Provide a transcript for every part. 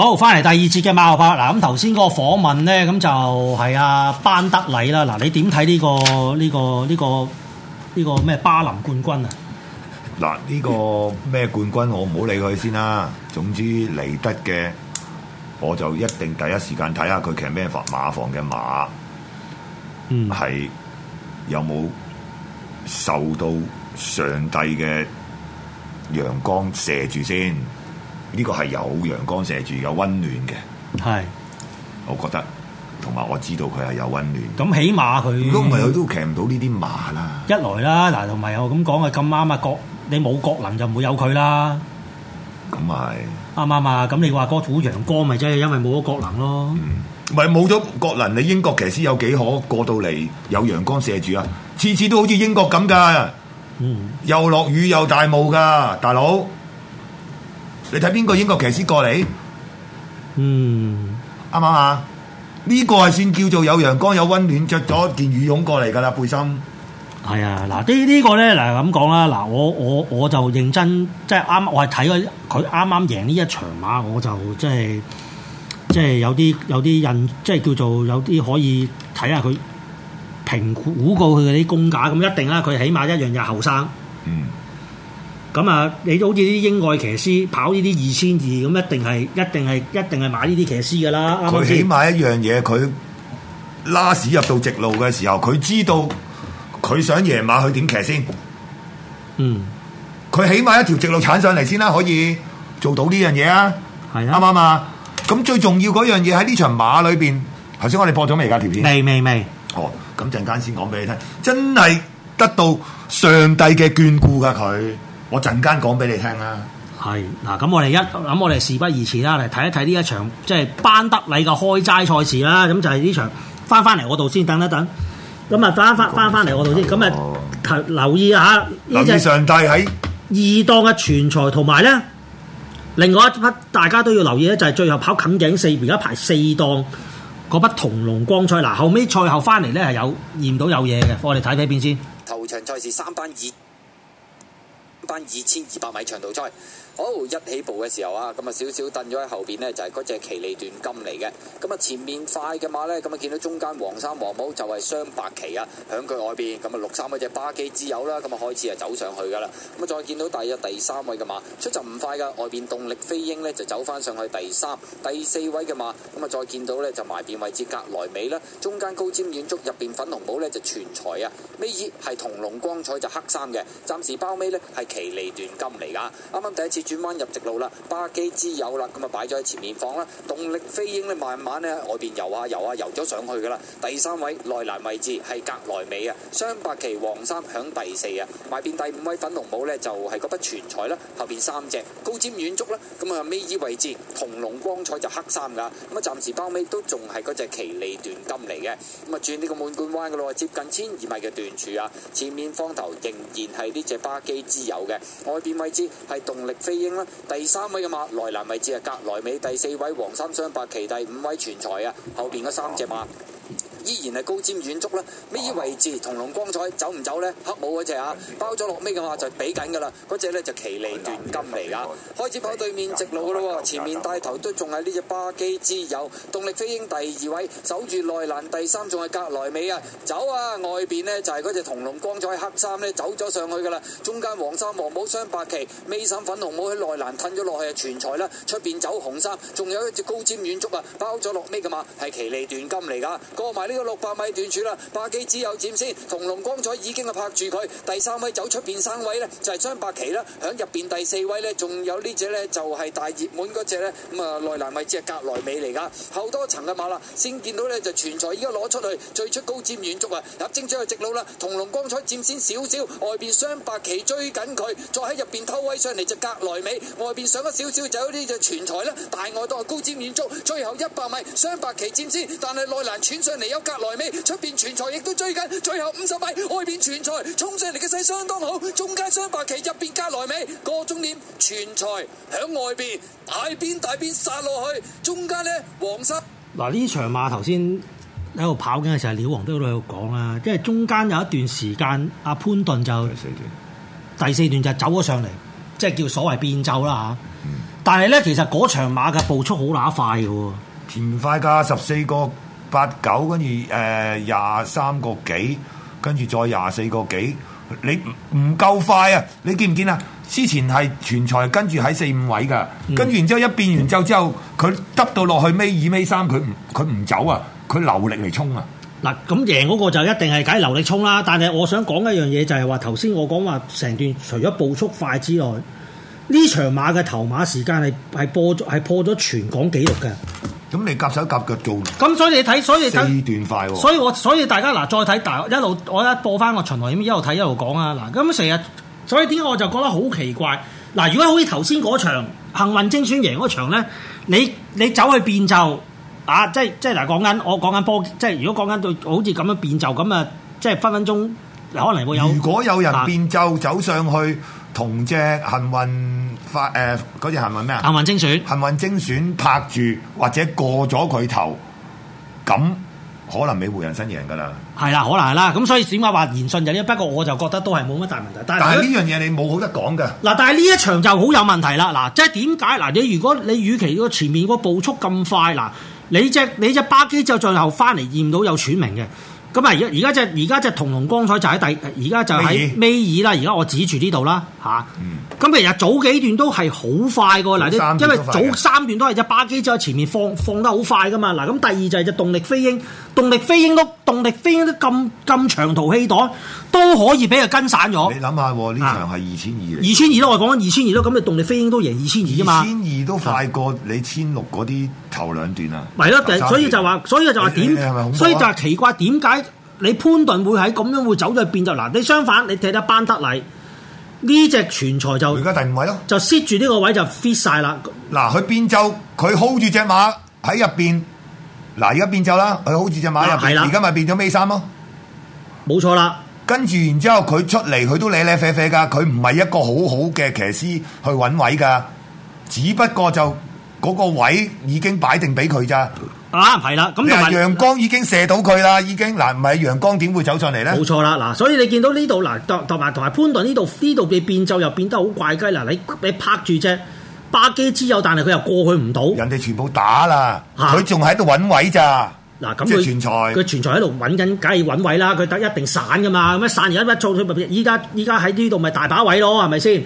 好，翻嚟第二節嘅馬後砲。嗱，咁頭先嗰個訪問咧，咁就係啊班德禮啦。嗱，你點睇呢個呢個呢個呢個咩巴林冠軍啊？嗱，呢個咩冠軍我唔好理佢先啦。總之嚟得嘅，我就一定第一時間睇下佢騎咩馬房嘅馬，嗯，係有冇受到上帝嘅陽光射住先。呢個係有陽光射住，有溫暖嘅。係是，我覺得同埋我知道佢係有溫暖。咁起碼佢如果唔係，佢都騎唔到呢啲馬啦。一來啦，嗱，同埋又咁講啊，咁啱啊，國你冇國能就唔會有佢啦。咁係是。啱啱啊？咁你話國土陽光，咪即係因為冇咗國能咯？嗯，唔係冇咗國能，你英國騎師有幾可過到嚟有陽光射住啊？次次都好似英國咁㗎。嗯，又落雨又大霧㗎，大佬。你睇邊個英國騎師過嚟？嗯，啱啱啊？呢、呢個係算叫做有陽光有温暖，着咗件羽絨過嚟㗎啦，背心。係啊、哎，嗱、這個，呢呢個咧，嗱咁講啦，嗱，我我我就認真，即係啱，我係睇佢，啱啱贏呢一場馬，我就即係即係有啲有啲印，即係叫做有啲可以睇下佢評估過佢嗰啲功架，咁一定啦，佢起碼一樣又後生。嗯。咁啊，你都好似啲英愛騎師跑呢啲二千二，咁一定係一定係一定係買呢啲騎師噶啦。佢起碼一樣嘢，佢拉屎入到直路嘅時候，佢知道佢想贏馬佢點騎先。嗯，佢起碼一條直路鏟上嚟先啦，可以做到呢樣嘢啊。係啱唔啱啊？咁最重要嗰樣嘢喺呢場馬裏邊，頭先我哋播咗未？噶條片未未未。好，咁陣間先講俾你聽，真係得到上帝嘅眷顧噶佢。我陣間講俾你聽啦。係，嗱咁我哋一諗，我哋事不宜遲啦，嚟睇一睇呢一場即係、就是、班德禮嘅開齋賽事啦。咁就係呢場翻翻嚟我度先，等一等。咁啊，翻翻翻翻嚟我度先。咁啊，留意下，留意上帝喺二檔嘅全才同埋咧，另外一匹大家都要留意咧，就係、是、最後跑近頸四，而家排四檔嗰匹同龍光賽。嗱、啊，後尾賽後翻嚟咧係有驗到有嘢嘅，我哋睇睇邊先。頭場賽事三單二，翻二千二百米長途賽。好一起步嘅時候啊，咁啊少少蹬咗喺後邊呢，就係嗰隻奇利段金嚟嘅。咁啊前面快嘅馬呢，咁啊見到中間黃衫黃帽就係雙白旗啊，響佢外邊。咁啊六三位隻巴基之友啦，咁啊開始啊走上去噶啦。咁啊再見到第二、第三位嘅馬出就唔快噶，外邊動力飛鷹呢，就走翻上去第三、第四位嘅馬。咁啊再見到呢，就埋邊位置格萊美啦，中間高尖遠足入邊粉紅帽呢，就全才啊。尾二係銅龍光彩就黑衫嘅，暫時包尾呢，係奇利段金嚟噶。啱啱第一次。轉彎入直路啦，巴基之友啦，咁啊擺咗喺前面放啦，動力飛鷹咧慢慢咧外邊游下游下游咗上去噶啦，第三位內欄位置係格萊美啊，雙白旗黃衫響第四啊，埋邊第五位粉紅帽咧就係嗰筆全彩啦，後邊三隻高尖遠足啦，咁啊尾依位置銅龍光彩就黑衫噶，咁啊暫時包尾都仲係嗰隻奇利斷金嚟嘅，咁啊轉呢個滿貫彎噶咯，接近千二米嘅斷處啊，前面方頭仍然係呢隻巴基之友嘅，外邊位置係動力飛。啦，第三位嘅馬，內欄位置係格萊美，第四位黃三雙白旗，第五位全才啊，後邊嗰三隻馬。依然係高瞻遠足啦，啊，咩位置同龍光彩走唔走呢？黑帽嗰隻啊，包咗落尾嘅嘛，就畀緊噶啦，嗰隻呢就奇利斷金嚟噶，開始跑對面直路噶咯，前面帶頭都仲係呢隻巴基之友，動力飛鷹第二位，守住內欄第三，仲係格萊美啊，走啊外邊呢就係嗰隻同龍光彩黑衫呢。走咗上去噶啦，中間黃衫黃帽雙白旗，尾衫粉紅帽喺內欄褪咗落去啊，全材啦，出邊走紅衫，仲有一隻高瞻遠足啊，包咗落尾噶嘛，係奇利斷金嚟噶，過埋呢個六百米斷處啦，霸基只有佔先，同龍光彩已經係拍住佢。第三位走出邊三位呢，就係、是、雙白旗啦，響入邊第四位呢，仲有呢隻呢，就係、是、大熱門嗰隻呢。咁、嗯、啊內欄位只係格萊美嚟噶，後多層嘅馬啦，先見到呢就全才已經攞出去，最出高占遠足啊，入正將去直路啦。同龍光彩佔先少少，外邊雙白旗追緊佢，再喺入邊偷威上嚟就格萊美，外邊上咗少少就呢隻全才啦，大外都檔高占遠足，最後一百米雙白旗佔先，但係內欄喘上嚟有。格萊美出邊全才亦都追緊，最後五十米外邊全才衝上嚟嘅勢相當好，中間雙白旗入邊格萊美個終點全才響外邊大邊大邊殺落去，中間咧黃室。嗱，呢場馬頭先喺度跑緊嘅時候，料王都有喺度講啦，即係中間有一段時間阿潘頓就第四段第四段就走咗上嚟，即係叫所謂變奏啦吓，啊嗯、但係咧其實嗰場馬嘅步速好乸快嘅喎，前快噶十四個，八九跟住誒廿三個幾，跟住再廿四個幾，你唔唔夠快啊！你見唔見啊？之前係全才，跟住喺四五位嘅，嗯、跟住然之後一變完之後，之後佢揼到落去尾二尾三，佢唔佢唔走啊！佢留力嚟衝啊！嗱、嗯，咁贏嗰個就一定係梗係留力衝啦。但係我想講一樣嘢，就係話頭先我講話成段，除咗步速快之外，呢場馬嘅頭馬時間係係破係破咗全港紀錄嘅。咁你夾手夾腳做？咁、哦、所以你睇，所以四段快所以我所以大家嗱，再睇大一路，我一播翻個循環，咁一路睇一路講啊。嗱，咁成日，所以點解我就覺得好奇怪？嗱、啊，如果好似頭先嗰場幸運精選贏嗰場咧，你你走去變奏啊？即係即係嗱，講緊我講緊波，即係如果講緊對好似咁樣變奏咁啊，即係分分鐘可能會有。如果有人變奏、啊、走上去。同隻幸運發誒，嗰隻幸運咩啊？幸運精選，幸運精選拍住或者過咗佢頭，咁可能你回人生贏噶啦。係啦，可能係啦，咁所以點解話言順人咧？不過我就覺得都係冇乜大問題。但係呢樣嘢你冇好得講噶。嗱，但係呢一場就好有問題啦。嗱，即係點解？嗱，你如果你與其個前面個步速咁快，嗱，你隻你隻巴基就最後翻嚟驗到有署名嘅。咁啊！而而家隻而家隻銅龍光彩就喺第而家就喺尾二啦。而家爾我指住呢度啦嚇。咁、啊嗯、其實早幾段都係好快嘅。嗱，因為早三段都係隻巴基在前面放放得好快嘅嘛。嗱、啊、咁第二就係隻動力飛鷹，動力飛鷹都動力飛鷹都咁咁長途氣袋都可以俾佢跟散咗。你諗下呢場係二千二二千二咯，我講緊二千二咯。咁啊，動力飛鷹都贏二千二啫嘛。二千二都快過你千六嗰啲頭兩段啊！咪咯、啊，所以就話，是是啊、所以就話點？所以就係奇怪點解？你潘頓會喺咁樣會走咗去變奏嗱，你相反你踢得班德禮呢隻全才就而家第五位咯，就 set 住呢個位就 fit 晒啦。嗱，佢變奏佢 hold 住隻馬喺入邊嗱，而家變奏啦，佢 hold 住隻馬入邊，而家咪變咗尾三咯，冇錯啦。跟住然之後佢出嚟，佢都咧咧啡啡噶，佢唔係一個好好嘅騎師去揾位噶，只不過就。嗰個位已經擺定俾佢咋，啊，係啦，咁又係陽光已經射到佢啦，已經嗱，唔、啊、係陽光點會走上嚟咧？冇錯啦，嗱，所以你見到呢度嗱，同埋同埋潘頓呢度呢度嘅變奏又變得好怪雞，嗱，你你拍住啫，巴基之友，但係佢又過去唔到，人哋全部打啦，佢仲喺度揾位咋，嗱、啊，咁佢存在，在，佢存在喺度揾緊，梗係揾位啦，佢得一定散噶嘛，咁樣散又一筆粗，依家依家喺呢度咪大把位咯，係咪先？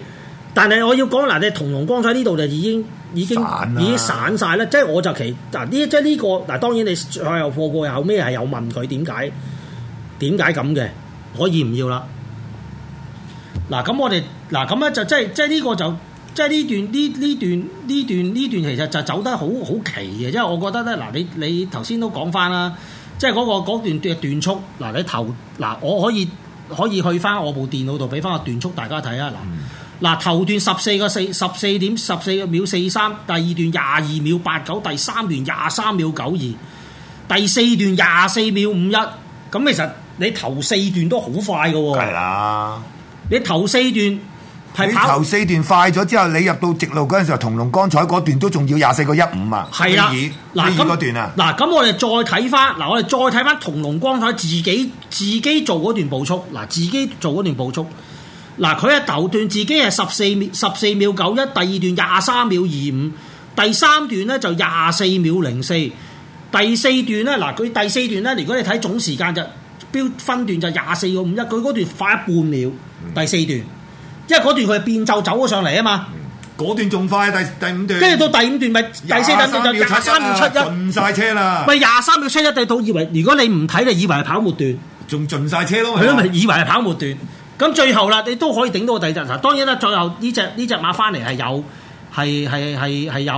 但係我要講嗱，你同龍光彩呢度就已經已經了已經散晒啦。即係我就奇嗱呢，即係、這、呢個嗱、啊，當然你最後過過又後尾係有問佢點解點解咁嘅，可以唔要啦。嗱、啊，咁我哋嗱咁咧就即係即係呢個就即係呢段呢呢段呢段呢段其實就走得好好奇嘅，即、就、為、是、我覺得咧嗱、啊，你你頭先都講翻啦，即係嗰段段速嗱、啊，你頭嗱、啊、我可以可以，可以去翻我部電腦度俾翻個段速大家睇啊嗱。啊啊嗯嗱，頭段十四個四十四點十四個秒四三，第二段廿二秒八九，第三段廿三秒九二，第四段廿四秒五一。咁其實你頭四段都好快嘅喎。梗係啦。你頭四段係跑。你頭四段快咗之後，你入到直路嗰陣時候，同龍光彩嗰段都仲要廿四個一五啊。係啦，第二段啊。嗱，咁我哋再睇翻，嗱，我哋再睇翻同龍光彩自己自己做嗰段步速，嗱，自己做嗰段步速。嗱，佢喺頭段自己係十四秒十四秒九一，第二段廿三秒二五，第三段咧就廿四秒零四，第四段咧嗱佢第四段咧，如果你睇總時間就標分段就廿四個五一，佢嗰段快一半秒，嗯、第四段，因為嗰段佢係變奏走咗上嚟啊嘛，嗰、嗯、段仲快，第第五段，跟住到第五段咪第四段就廿三秒七一秒秒，盡曬車啦，咪廿三秒七一，你到以為如果你唔睇就以為係跑末段，仲盡晒車咯，佢咯咪以為係跑末段。咁最後啦，你都可以頂到個第隻。當然啦，最後呢隻呢隻馬翻嚟係有係係係係有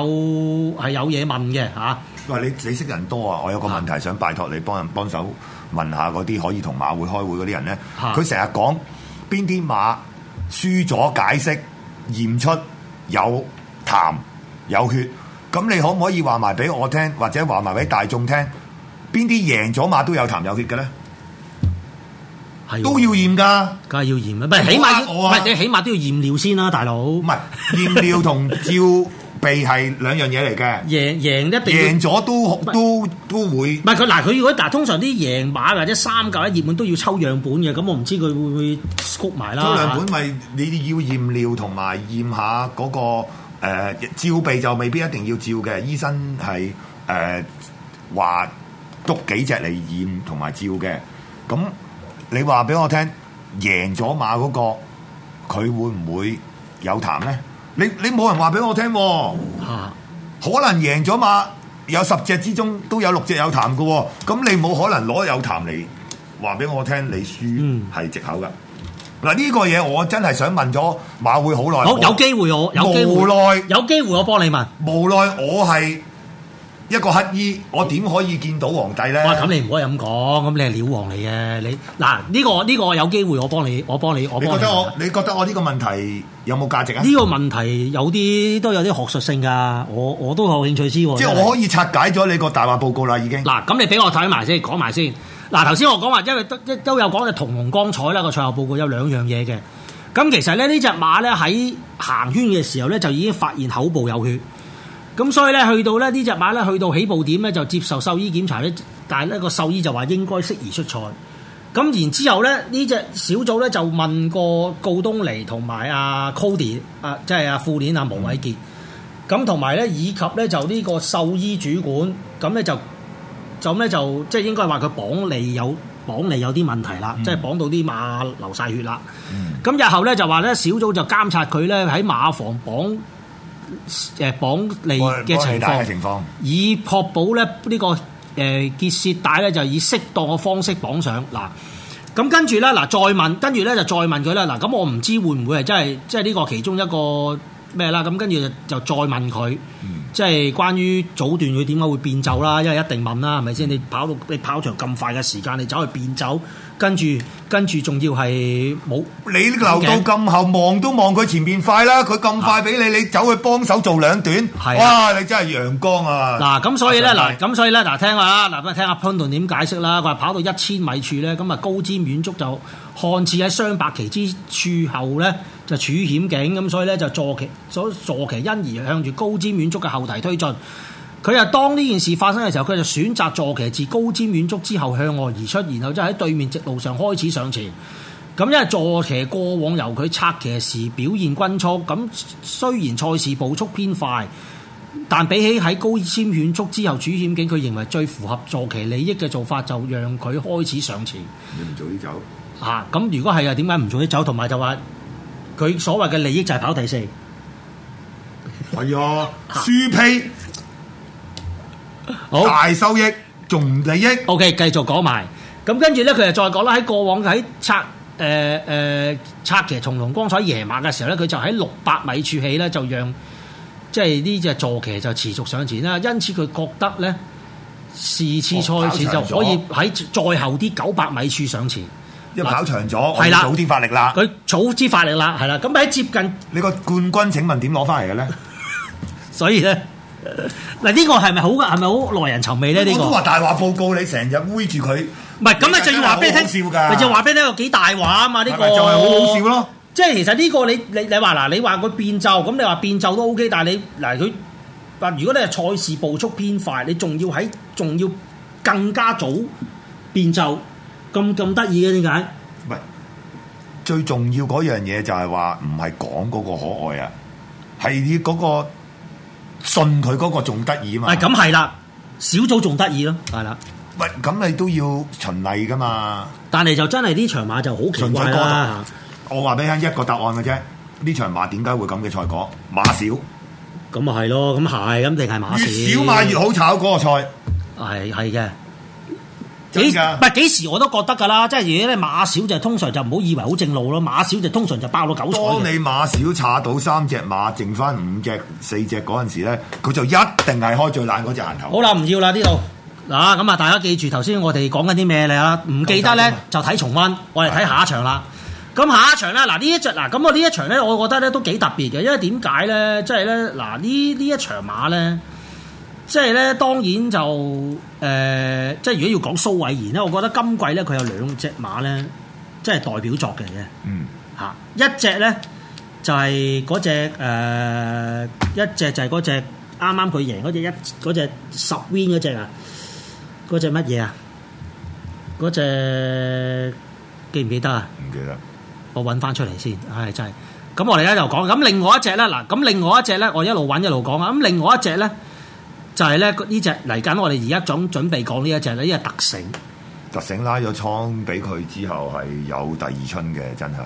係有嘢問嘅嚇。喂、啊、你你識人多啊，我有個問題、啊、想拜託你幫人幫手問下嗰啲可以同馬會開會嗰啲人咧。佢成日講邊啲馬輸咗，解釋驗出有痰有血，咁你可唔可以話埋俾我聽，或者話埋俾大眾聽，邊啲贏咗馬都有痰有血嘅咧？都要驗噶，梗係要驗啦，唔起碼唔係你起碼都要驗尿先啦、啊，大佬。唔係驗尿同照鼻係兩樣嘢嚟嘅。贏贏 一定贏咗都都是都，都會。唔係佢嗱佢如果嗱通常啲贏馬或者三九一熱本都要抽樣本嘅，咁我唔知佢會唔會 s 埋啦。抽樣本咪你要驗尿同埋驗下嗰、那個誒、呃、照鼻就未必一定要照嘅，醫生係誒話篤幾隻嚟驗同埋照嘅，咁。你話俾我聽，贏咗馬嗰個，佢會唔會有談呢？你你冇人話俾我聽喎。可能贏咗馬，有十隻之中都有六隻有談嘅，咁你冇可能攞有談，嚟話俾我聽，你輸係藉口噶。嗱呢、嗯、個嘢我真係想問咗馬會好耐，好，我有機會我，有機會無奈有機會我幫你問。無奈我係。一個乞衣，我點可以見到皇帝咧？哇、哦！咁你唔可以咁講，咁你係料王嚟嘅。你嗱呢、呢個呢、呢個有機會，我幫你，我幫你，我幫你。你覺得我你覺得我呢個問題有冇價值啊？呢個問題有啲都有啲學術性噶，我我都有興趣知。即係是我可以拆解咗你個大話報告啦，已經。嗱，咁你俾我睇埋先講，講埋先講。嗱，頭先我講話，因為都都，都有講就同紅光彩啦，那個賽後報告有兩樣嘢嘅。咁其實咧，呢隻馬咧喺行圈嘅時候咧，就已經發現口部有血。咁所以咧，去到咧，呢隻馬咧，去到起步點咧就接受獸醫檢查咧，但係呢個獸醫就話應該適宜出賽。咁然之後咧，呢隻小組咧就問過告東尼同埋阿 Cody，啊即係阿副練、阿毛偉傑。咁同埋咧，以及咧就呢個獸醫主管，咁咧就就咧就即係應該話佢綁脷有綁脷有啲問題啦，即係、嗯、綁到啲馬流晒血啦。咁、嗯嗯、日後咧就話咧，小組就監察佢咧喺馬房綁。誒，綁你嘅情況，情況以確保咧呢個誒、呃、結線帶咧就以適當嘅方式綁上。嗱，咁、嗯嗯、跟住咧，嗱再問，跟住咧就再問佢咧。嗱，咁我唔知會唔會係真係，即係呢個其中一個咩啦？咁跟住就，就再問佢，即係關於阻斷佢點解會變奏啦。因為一定問啦，係咪先？你跑到你跑場咁快嘅時間，你走去變奏？跟住跟住，仲要係冇你留到咁後望都望佢前面快啦，佢咁快俾你，你走去幫手做兩段，是啊、哇！你真係陽光啊！嗱、啊，咁所以咧，嗱、啊，咁所以咧，嗱，聽下啦，嗱，聽阿潘頓點解釋啦，佢話跑到一千米處咧，咁啊高瞻遠矚，就看似喺雙百旗之處後咧，就處險境，咁所以咧就坐騎所以坐騎因而向住高瞻遠矚嘅後蹄推進。佢又當呢件事發生嘅時候，佢就選擇坐騎自高瞻遠矚之後向外而出，然後即喺對面直路上開始上前。咁因為坐騎過往由佢策騎時表現均速，咁雖然賽事步速偏快，但比起喺高瞻遠矚之後處險境，佢認為最符合坐騎利益嘅做法就讓佢開始上前。你唔早啲走啊！咁如果係又點解唔早啲走？同埋就話、是、佢所謂嘅利益就係跑第四，係 啊，輸批。好大收益，仲唔利益。O K，繼續講埋。咁跟住咧，佢就再講啦。喺過往喺策誒誒策騎從龍光彩夜馬嘅時候咧，佢就喺六百米處起咧，就讓即係呢隻坐騎就持續上前啦。因此佢覺得咧，是次賽事就可以喺再後啲九百米處上前。哦、跑那一跑長咗，係啦，早啲發力啦。佢早知發力啦，係啦。咁喺接近你個冠軍，請問點攞翻嚟嘅咧？ 所以咧。嗱，呢、呢個係咪好？係咪好耐人尋味咧？呢個都話大話報告你，成日煨住佢。唔係咁啊，就今要話俾你聽，好笑噶。就話俾你聽，幾大話嘛？呢不、呢個就奏係好好笑咯。即係其實呢個你你你話嗱，你話個變奏咁，你話變奏都 OK 但。但係你嗱佢，如果你係賽事步速偏快，你仲要喺仲要更加早變奏，咁咁得意嘅點解？唔係最重要嗰樣嘢就係話唔係講嗰個可愛啊，係你嗰、嗰個。信佢嗰個仲得意嘛？啊、哎，咁係啦，小組仲得意咯，係啦。喂，咁你都要循例噶嘛？但係就真係呢場馬就好奇怪啦。我話俾你聽一個答案嘅啫，呢場馬點解會咁嘅賽果馬少？咁啊係咯，咁係咁定係馬少？小馬越好炒嗰個賽係係嘅。哎幾唔係幾時我都覺得㗎啦，即係如果咧馬少就通常就唔好以為好正路咯，馬少就通常就爆到九彩。當你馬少查到三隻馬剩翻五隻四隻嗰陣時咧，佢就一定係開最爛嗰隻銀頭。好啦，唔要啦呢度嗱，咁啊大家記住頭先我哋講緊啲咩咧？唔記得咧就睇重温，我哋睇下一場啦。咁下一場咧嗱呢一隻嗱咁我呢一場咧，我覺得咧都幾特別嘅，因為點解咧？即係咧嗱呢呢一場馬咧。即係咧，當然就誒、呃，即係如果要講蘇偉賢咧，我覺得今季咧佢有兩隻馬咧，即係代表作嚟嘅。嗯，嚇、啊、一隻咧就係嗰隻誒，一隻就係嗰隻啱啱佢贏嗰隻一嗰隻十 win 嗰隻啊，嗰隻乜嘢啊？嗰隻記唔記得啊？唔記得。記我揾翻出嚟先，係真係。咁我哋咧就講咁，另外一隻咧嗱，咁另外一隻咧，我一路揾一路講啊。咁另外一隻咧。就係咧，呢隻嚟緊，我哋而家準準備講呢一隻咧，呢個特醒。特醒拉咗倉俾佢之後，係有第二春嘅，真係。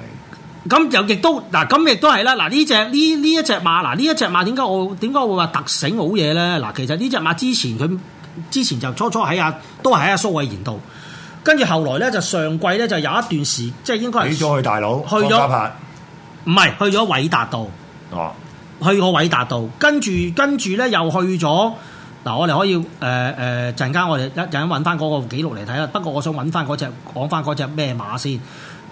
咁又亦都嗱，咁亦都係啦。嗱，呢隻呢呢一隻馬，嗱呢一隻馬點解我點解會話特醒好嘢咧？嗱，其實呢隻馬之前佢之前就初初喺阿都係喺阿蘇偉賢度，跟住後來咧就上季咧就有一段時，即係應該係去咗去大佬方嘉柏，去咗唔係去咗韋達度哦，去過韋達度，跟住跟住咧又去咗。嗱、嗯，我哋可以誒誒陣間，呃、我哋一陣揾翻嗰個記錄嚟睇啦。不過我想揾翻嗰隻講翻嗰隻咩馬先？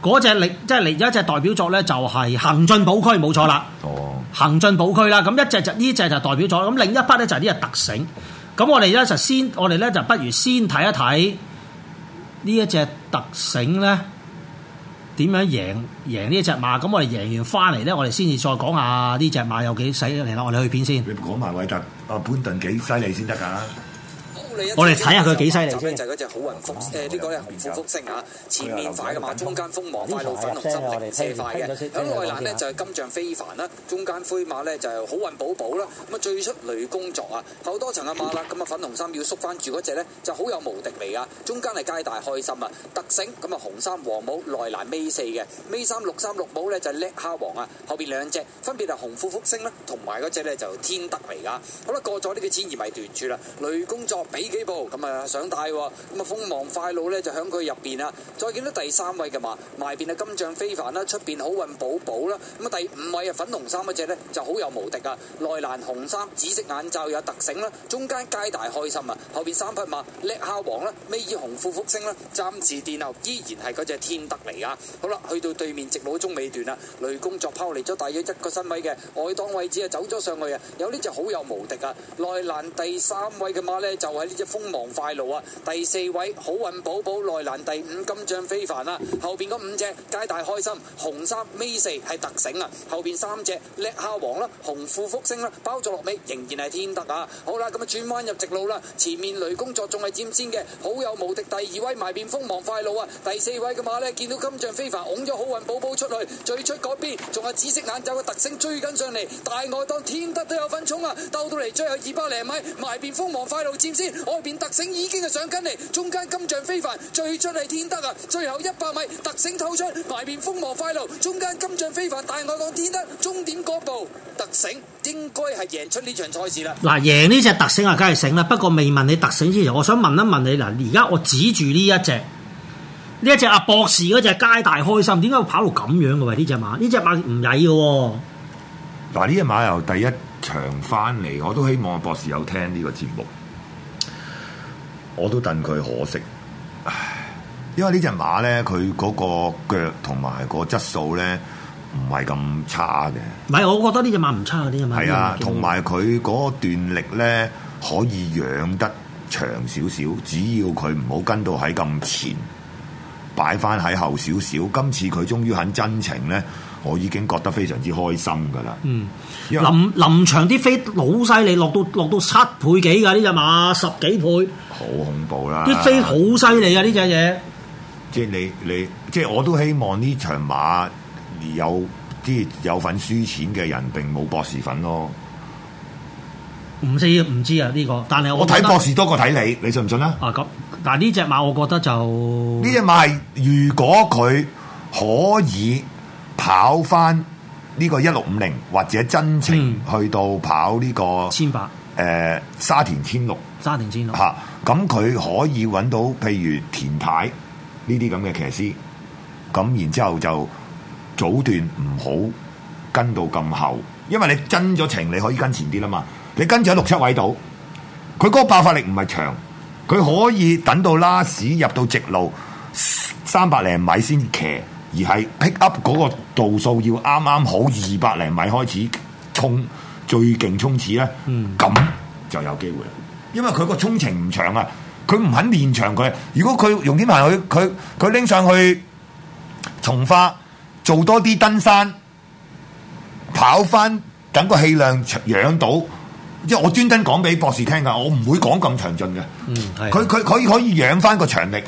嗰隻力即係另一隻代表作咧，就係、是、行進寶區冇錯啦。哦，行進寶區啦，咁一,一隻就呢隻就代表咗。咁另一筆咧就係、是、呢隻特醒。咁我哋咧就先，我哋咧就不如先睇一睇呢一隻特醒咧，點樣贏贏呢一隻馬？咁我哋贏完翻嚟咧，我哋先至再講下呢隻馬有幾犀利咯。我哋去片先。你講埋韋達，阿本頓幾犀利先得㗎？我哋睇下佢幾犀利先。就就係嗰隻好運福，誒呢、啊、個咧，紅富福星啊！前面快嘅馬，中間福芒快到粉紅心，射快嘅。響內欄呢，就係、是、金像非凡啦，中間灰馬呢，就是、好運寶寶啦。咁啊最出雷工作啊，好多層嘅馬啦。咁啊粉紅衫要縮翻住嗰隻呢，就好有無敵味噶。中間係皆大開心啊！特升咁啊紅衫黃帽內欄尾四嘅尾三六三六帽呢，就叻蝦王啊！後邊兩隻分別係紅富福星啦，同埋嗰隻呢就天德嚟噶。好啦，過咗呢個千二米斷柱啦，雷工作比。幾步咁啊、嗯、想帶喎，咁啊鋒芒快路咧就響佢入邊啊！再見到第三位嘅馬，埋邊啊金像非凡啦，出邊好運寶寶啦，咁、嗯、啊第五位啊粉紅衫嗰隻咧就好有無敵啊！內欄紅衫紫色眼罩有特醒啦，中間皆大開心啊，後邊三匹馬叻蝦王啦，尾爾紅富福星啦，暫時殿後依然係嗰隻天德嚟啊！好啦，去到對面直路中尾段啊，雷公作拋離咗大約一個身位嘅外檔位置啊，走咗上去啊，有呢隻好有無敵啊！內欄第三位嘅馬咧就喺、是。鋒芒快路啊！第四位好運寶寶內欄，第五金像非凡啦，啊。後邊嗰五隻皆大開心，紅衫尾四係特醒，啊！後邊三隻叻蝦王啦，啊，紅富福星啦，啊，包咗落尾仍然係天德啊！好啦，咁啊轉彎入直路啦，前面雷工作仲係佔先嘅，好有無敵第二位埋邊鋒芒快路啊！第四位嘅馬呢，見到金像非凡拱咗好運寶寶出去，最出嗰邊仲有紫色眼罩嘅特星追緊上嚟，大外當天德都有份衝啊！鬥到嚟最後二百零米埋邊鋒芒快路佔先。外邊特醒，已經係上緊嚟，中間金像非凡，最出係天德啊！最後一百米特醒透出，埋面瘋狂快路，中間金像非凡大愛浪天德，終點嗰步特醒應該係贏出呢場賽事啦！嗱，贏呢隻特醒啊，梗係醒啦。不過未問你特醒之前，我想問一問你嗱，而家我指住呢一隻呢一隻阿博士嗰隻皆大開心，點解會跑到咁樣嘅、啊？喂，呢隻馬，呢隻馬唔曳嘅。嗱，呢隻馬由第一場翻嚟，我都希望博士有聽呢個節目。我都戥佢可惜，唉，因為呢隻馬咧，佢嗰個腳同埋個質素咧，唔係咁差嘅。唔係，我覺得呢隻馬唔差嗰啲馬。係啊，同埋佢嗰段力咧，可以養得長少少，只要佢唔好跟到喺咁前，擺翻喺後少少。今次佢終於肯真情咧，我已經覺得非常之開心噶啦。嗯，為臨臨場啲飛好犀利，落到落到七倍幾㗎呢隻馬，十幾倍。好恐怖啦！啲飛好犀利啊！呢隻嘢，即係你你，即係我都希望呢場馬有即係有份輸錢嘅人，並冇博士粉咯。唔似唔知啊，呢、這個，但係我睇博士多過睇你，你信唔信啊？啊，咁嗱，呢隻馬我覺得就呢隻馬係，如果佢可以跑翻呢個一六五零，或者真正、嗯、去到跑呢、這個千八誒沙田千六，沙田千六吓。咁佢可以揾到譬如田太呢啲咁嘅騎師，咁然之後就早段唔好跟到咁後，因為你增咗程，你可以跟前啲啦嘛。你跟住喺六七位度，佢嗰個爆發力唔係長，佢可以等到拉屎入到直路三百零米先騎，而係 pick up 嗰個度數要啱啱好二百零米開始衝最勁衝刺咧，咁、嗯、就有機會。因為佢個衝程唔長啊，佢唔肯練長佢。如果佢用啲鵬佢佢佢拎上去從化做多啲登山，跑翻等個氣量養到。即係我專登講俾博士聽噶，我唔會講咁詳盡嘅。嗯，係。佢佢佢可以養翻個長力，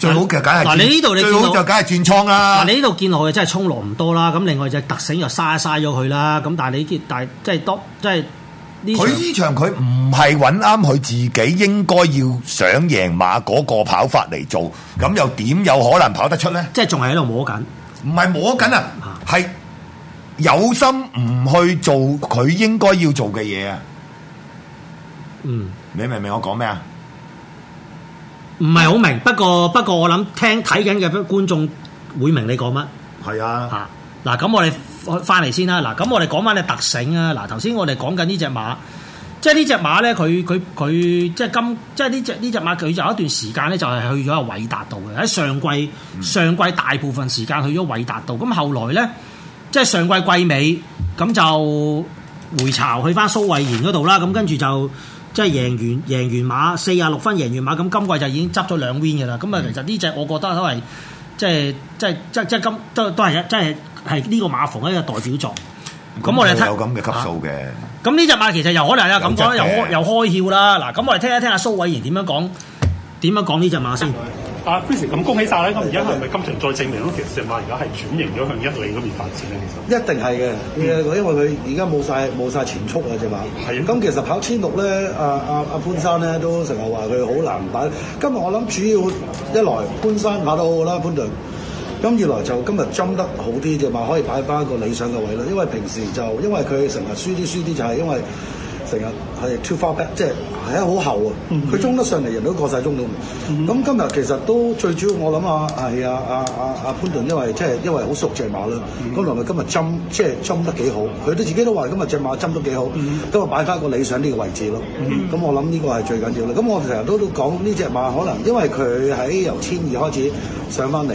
最好嘅梗係，嗱，你呢度你最好就梗係轉倉啦。你呢度見落去真係衝浪唔多啦，咁另外就特醒又嘥嘥咗佢啦。咁但係你啲但即係多即係。佢呢場佢唔係搵啱佢自己應該要想贏馬嗰個跑法嚟做，咁又點有可能跑得出咧？即係仲係喺度摸緊，唔係摸緊啊，係有心唔去做佢應該要做嘅嘢啊！嗯，你明唔明我講咩啊？唔係好明，不過不過我諗聽睇緊嘅觀眾會明你講乜？係啊吓。嗱咁我哋翻嚟先啦，嗱咁我哋講翻你特醒啊，嗱頭先我哋講緊呢隻馬，即係呢隻馬咧，佢佢佢即係今即係呢隻呢隻馬佢有一段時間咧就係去咗韋達度嘅，喺上季上季大部分時間去咗韋達度，咁後來咧即係上季季尾，咁就回巢去翻蘇慧賢嗰度啦，咁跟住就即係贏完贏完馬四十六分贏完馬，咁今季就已經執咗兩 win 嘅啦，咁啊其實呢隻我覺得都係即係即係即係即係今都都係一即係。就是係呢個馬房一個代表作，咁、嗯、我哋睇有咁嘅級數嘅。咁呢隻馬其實又可能有又咁講，又又開竅啦。嗱，咁我哋聽一聽阿蘇偉賢點樣講，點樣講呢隻馬先。阿、啊、Chris，咁恭喜晒！咁而家係咪今場再證明咯、嗯？其實隻馬而家係轉型咗向一哩嗰邊發展咧。其實一定係嘅，嗯、因為佢而家冇晒冇曬前速啊！隻馬的。係。咁其實跑千六咧，阿阿阿潘生咧都成日話佢好難擺。今日我諗主要一來潘生跑得好好啦，啊、潘隊。咁二來就今日針得好啲，隻馬可以擺翻一個理想嘅位咯。因為平時就因為佢成日輸啲輸啲，就係因為成日係 too far back，即係係啊好後啊。佢、mm hmm. 中得上嚟，人都過晒中度。咁、mm hmm. 今日其實都最主要我、啊，我諗啊係啊啊啊啊潘頓，因為即係、就是、因為好熟隻馬咯。咁來咪今日針即係針得幾好，佢都自己都話今日隻馬針得幾好，今日擺翻個理想呢個位置咯。咁、mm hmm. 我諗呢個係最緊要啦。咁我成日都都講呢隻馬可能因為佢喺由千二開始上翻嚟。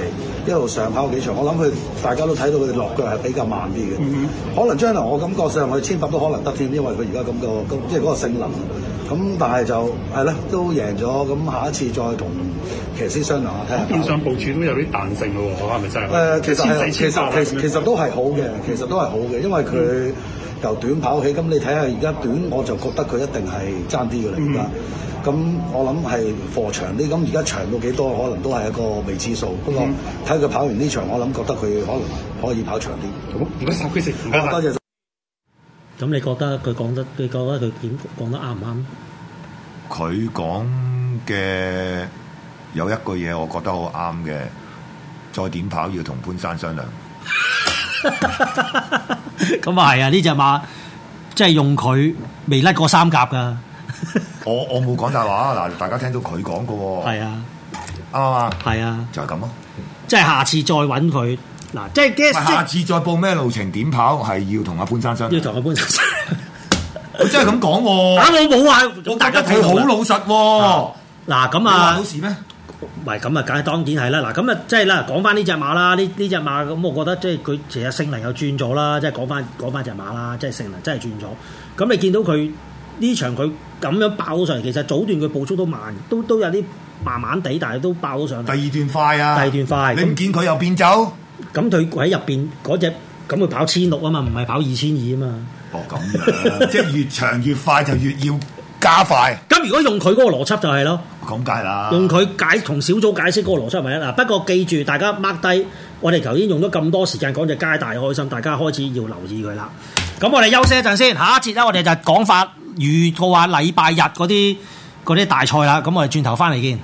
一路上跑幾場，我諗佢大家都睇到佢落腳係比較慢啲嘅，嗯嗯可能將來我感覺上佢千百都可能得添，因為佢而家咁個即係嗰個性能。咁但係就係咯，都贏咗。咁下一次再同騎師商量下睇下。變相、嗯、部署都有啲彈性咯，係咪真係？誒、呃，其實千千其實其實都係好嘅，嗯嗯其實都係好嘅，因為佢由短跑起，咁你睇下而家短，我就覺得佢一定係爭啲㗎啦。嗯咁、嗯、我諗係駛長啲，咁而家長到幾多，可能都係一個未知數。不過睇佢跑完呢場，我諗覺得佢可能可以跑長啲。好唔該多謝。咁你覺得佢講得？你覺得佢點講得啱唔啱？佢講嘅有一句嘢，我覺得好啱嘅。再點跑要同潘山商量。咁啊係啊！呢隻 馬即係用佢未甩過三甲㗎。 我我冇講大話嗱，大家聽到佢講嘅喎。係啊，啱嘛。係啊，啊就係咁咯。即係下次再揾佢嗱，即係 g 下次再報咩路程點跑係要同阿潘生商量。要同阿潘生商量。佢 真係咁講喎。 啊，我冇話，啊、大家睇好老實喎。嗱，咁啊。好事咩？唔係咁啊，梗係當然係啦。嗱，咁啊，即係啦，講翻呢隻馬啦，呢呢隻馬咁，我覺得即係佢其實性能又轉咗啦。即係講翻講翻隻馬啦，即係性能真係轉咗。咁你見到佢？呢場佢咁樣爆上，其實早段佢步速都慢，都都有啲慢慢地，但係都爆咗上。第二段快啊！第二段快，你唔見佢又變走？咁佢喺入邊嗰隻，咁佢、那個那個那個、跑千六啊嘛，唔係跑二千二啊嘛。哦，咁樣 即係越長越快，就越要加快。咁 如果用佢嗰個邏輯就係咯，咁梗係啦。用佢解同小組解釋嗰個邏輯係咪啊？嗱，不過記住大家 mark 低，我哋頭先用咗咁多時間講隻皆大開心，大家開始要留意佢啦。咁我哋休息一陣先，下一節咧我哋就講法。預告下禮拜日嗰啲嗰啲大賽啦，咁我哋轉頭翻嚟見。